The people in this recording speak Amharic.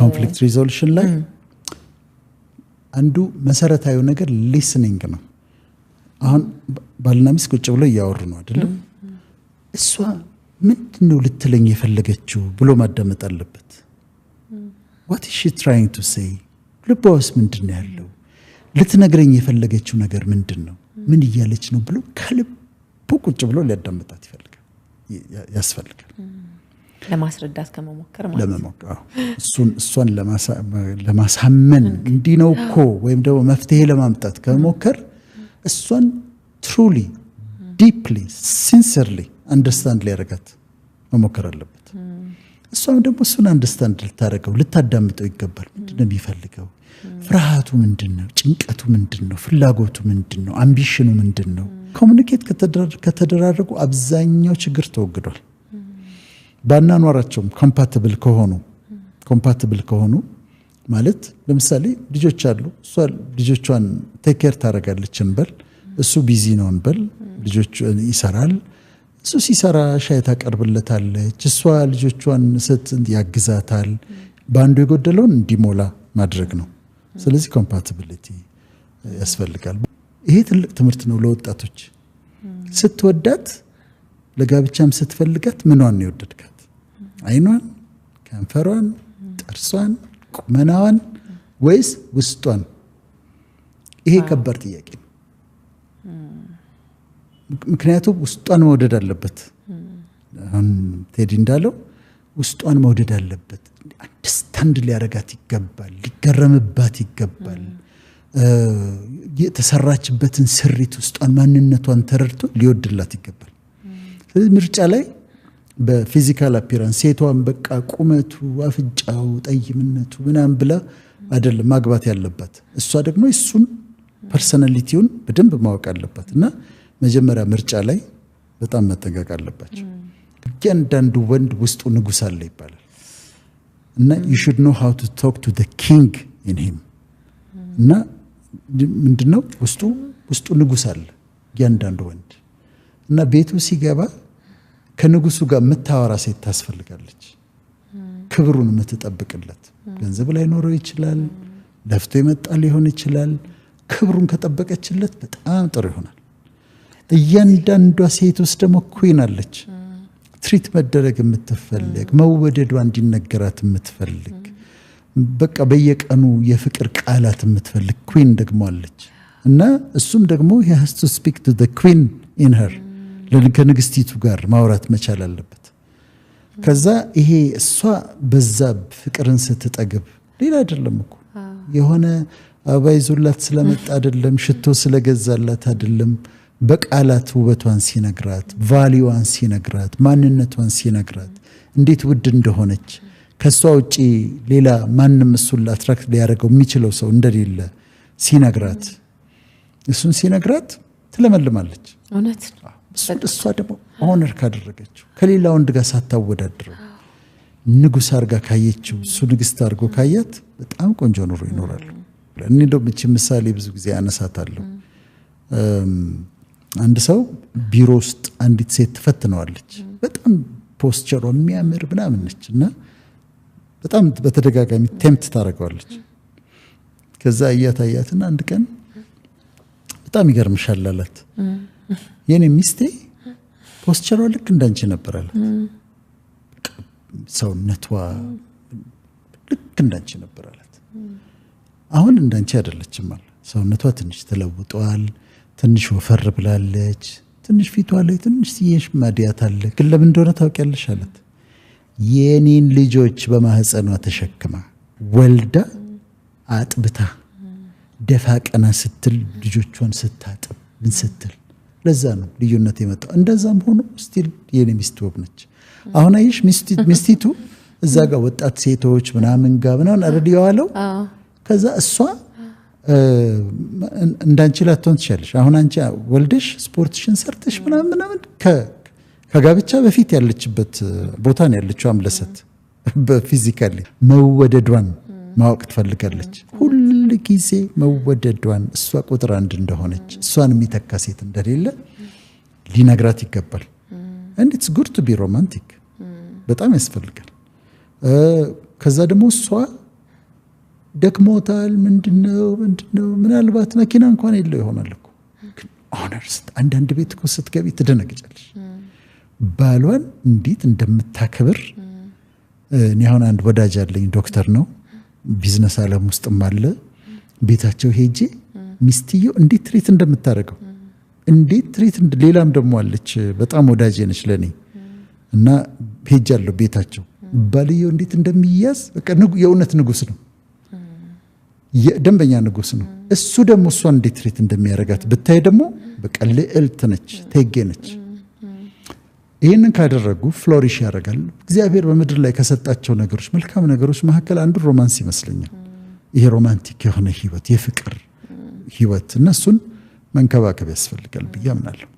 ኮንፍሊክት ሪዞሉሽን ላይ አንዱ መሰረታዊ ነገር ሊስኒንግ ነው። አሁን ባልና ሚስት ቁጭ ብሎ እያወሩ ነው አይደለም? እሷ ምንድን ነው ልትለኝ የፈለገችው ብሎ ማዳመጥ አለበት። ዋት ሺ ትራይንግ ቱ ሴይ፣ ልቧ ውስጥ ምንድን ነው ያለው? ልትነግረኝ የፈለገችው ነገር ምንድን ነው? ምን እያለች ነው ብሎ ከልቡ ቁጭ ብሎ ሊያዳምጣት ይፈልጋል ያስፈልጋል። ለማስረዳት ከመሞከር ለመሞከር እሷን ለማሳመን እንዲህ ነው እኮ ወይም ደግሞ መፍትሄ ለማምጣት ከመሞከር እሷን ትሩሊ ዲፕሊ ሲንሰርሊ አንደርስታንድ ሊያደርጋት መሞከር አለበት። እሷም ደግሞ እሱን አንደርስታንድ ልታደርገው ልታዳምጠው ይገባል። ምንድን ነው የሚፈልገው? ፍርሃቱ ምንድን ነው? ጭንቀቱ ምንድን ነው? ፍላጎቱ ምንድን ነው? አምቢሽኑ ምንድን ነው? ኮሚኒኬት ከተደራረጉ አብዛኛው ችግር ተወግዷል። ባናኗራቸውም ኮምፓትብል ከሆኑ ኮምፓትብል ከሆኑ ማለት ለምሳሌ ልጆች አሉ። እሷ ልጆቿን ቴኬር ታደርጋለች እንበል፣ እሱ ቢዚ ነው እንበል፣ ልጆቹ ይሰራል። እሱ ሲሰራ ሻይ ታቀርብለታለች፣ እሷ ልጆቿን ስት ያግዛታል። በአንዱ የጎደለውን እንዲሞላ ማድረግ ነው። ስለዚህ ኮምፓቲቢሊቲ ያስፈልጋል። ይሄ ትልቅ ትምህርት ነው ለወጣቶች። ስትወዳት ለጋብቻም ስትፈልጋት ምኗን ነው የወደድካት? አይኗን፣ ከንፈሯን፣ ጥርሷን፣ ቁመናዋን ወይስ ውስጧን? ይሄ ከባድ ጥያቄ ነው። ምክንያቱም ውስጧን መውደድ አለበት። አሁን ቴዲ እንዳለው ውስጧን መውደድ አለበት። አንደርስታንድ ሊያደርጋት ይገባል። ሊገረምባት ይገባል። የተሰራችበትን ስሪት ውስጧን፣ ማንነቷን ተረድቶ ሊወድላት ይገባል። ስለዚህ ምርጫ ላይ በፊዚካል አፒራንስ ሴቷን በቃ ቁመቱ፣ አፍንጫው፣ ጠይምነቱ ምናምን ብላ አይደለም ማግባት ያለባት። እሷ ደግሞ እሱን ፐርሰናሊቲውን በደንብ ማወቅ አለባት እና መጀመሪያ ምርጫ ላይ በጣም መጠንቀቅ አለባቸው። እያንዳንዱ ወንድ ውስጡ ንጉሥ አለ ይባላል እና ዩ ሹድ ኖ ሃው ቱ ቶክ ቱ ኪንግ ኢን ሂም እና ምንድነው ውስጡ ውስጡ ንጉሥ አለ እያንዳንዱ ወንድ እና ቤቱ ሲገባ ከንጉሱ ጋር የምታወራ ሴት ታስፈልጋለች። ክብሩን የምትጠብቅለት ገንዘብ ላይኖረው ይችላል። ለፍቶ የመጣ ሊሆን ይችላል። ክብሩን ከጠበቀችለት በጣም ጥሩ ይሆናል። እያንዳንዷ ሴት ውስጥ ደግሞ ኩዊን አለች። ትሪት መደረግ የምትፈልግ መወደዷ እንዲነገራት የምትፈልግ በቃ በየቀኑ የፍቅር ቃላት የምትፈልግ ኩን ደግሞ አለች እና እሱም ደግሞ ሂ ሃዝ ቱ ስፒክ ቱ ዘ ኢን ሄር ከንግስቲቱ ጋር ማውራት መቻል አለበት። ከዛ ይሄ እሷ በዛ ፍቅርን ስትጠግብ ሌላ አይደለም እኮ የሆነ አበባ ይዞላት ስለመጣ አይደለም፣ ሽቶ ስለገዛላት አይደለም። በቃላት ውበቷን ሲነግራት፣ ቫሊዋን ሲነግራት፣ ማንነቷን ሲነግራት እንዴት ውድ እንደሆነች ከእሷ ውጪ ሌላ ማንም እሱን ላትራክት ሊያደርገው የሚችለው ሰው እንደሌለ ሲነግራት እሱን ሲነግራት ትለመልማለች እውነት እሷ ደግሞ ኦነር ካደረገችው ከሌላ ወንድ ጋር ሳታወዳድረው ንጉሥ አርጋ ካየችው እሱ ንግስት አድርጎ ካያት በጣም ቆንጆ ኑሮ ይኖራሉ። እኔ እንደውም ይህች ምሳሌ ብዙ ጊዜ አነሳታለሁ። አንድ ሰው ቢሮ ውስጥ አንዲት ሴት ትፈትነዋለች። በጣም ፖስቸሯ የሚያምር ምናምን ነች እና በጣም በተደጋጋሚ ቴምት ታደርገዋለች። ከዛ አያት አያትና አንድ ቀን በጣም ይገርምሻል አላት። የኔ ሚስቴ ፖስቸሯ ልክ እንዳንቺ ነበር አላት። ሰውነቷ ልክ እንዳንቺ ነበር አላት። አሁን እንዳንቺ አይደለችም አለ። ሰውነቷ ትንሽ ተለውጧል። ትንሽ ወፈር ብላለች። ትንሽ ፊቷ ላይ ትንሽ ትየሽ ማዲያት አለ። ግን ለምን እንደሆነ ታውቂያለሽ አላት። የኔን ልጆች በማህፀኗ ተሸክማ ወልዳ አጥብታ ደፋ ቀና ስትል ልጆቿን ስታጥብ ምን ስትል ለዛ ነው ልዩነት የመጣው። እንደዛም ሆኖ ስቲል የኔ ሚስት ውብ ነች። አሁን አየሽ ሚስቲቱ እዛ ጋር ወጣት ሴቶች ምናምን ጋር ምናምን አረድ የዋለው ከዛ እሷ እንዳንቺ ላትሆን ትችላለሽ። አሁን አንቺ ወልደሽ ስፖርትሽን ሰርተሽ ምናምን ምናምን ከጋብቻ በፊት ያለችበት ቦታ ነው ያለችው አምለሰት በፊዚካሊ መወደዷን ማወቅ ትፈልጋለች። ሁል ጊዜ መወደዷን እሷ ቁጥር አንድ እንደሆነች እሷን የሚተካ ሴት እንደሌለ ሊነግራት ይገባል። እንዴትስ ጉድ ቱ ቢ ሮማንቲክ በጣም ያስፈልጋል። ከዛ ደግሞ እሷ ደክሞታል፣ ምንድነው ምንድነው፣ ምናልባት መኪና እንኳን የለው ይሆናል እኮ ኦነርስት አንዳንድ ቤት እኮ ስትገቢ ትደነግጫለች። ባሏን እንዴት እንደምታከብር እኔ አሁን አንድ ወዳጅ አለኝ ዶክተር ነው ቢዝነስ ዓለም ውስጥም አለ። ቤታቸው ሄጄ ሚስትየው እንዴት ትሬት እንደምታደርገው እንዴት ትሬት ሌላም ደግሞ አለች በጣም ወዳጅ ነች ለእኔ እና ሄጃለሁ ቤታቸው ባልየው እንዴት እንደሚያዝ የእውነት ንጉስ ነው። የደንበኛ ንጉስ ነው። እሱ ደግሞ እሷን እንዴት ትሬት እንደሚያደርጋት ብታይ ደግሞ በቃ ልዕልት ነች፣ ቴጌ ነች። ይህንን ካደረጉ ፍሎሪሽ ያደርጋል። እግዚአብሔር በምድር ላይ ከሰጣቸው ነገሮች መልካም ነገሮች መካከል አንዱ ሮማንስ ይመስለኛል። ይሄ ሮማንቲክ የሆነ ህይወት፣ የፍቅር ህይወት እነሱን መንከባከብ ያስፈልጋል ብዬ አምናለሁ።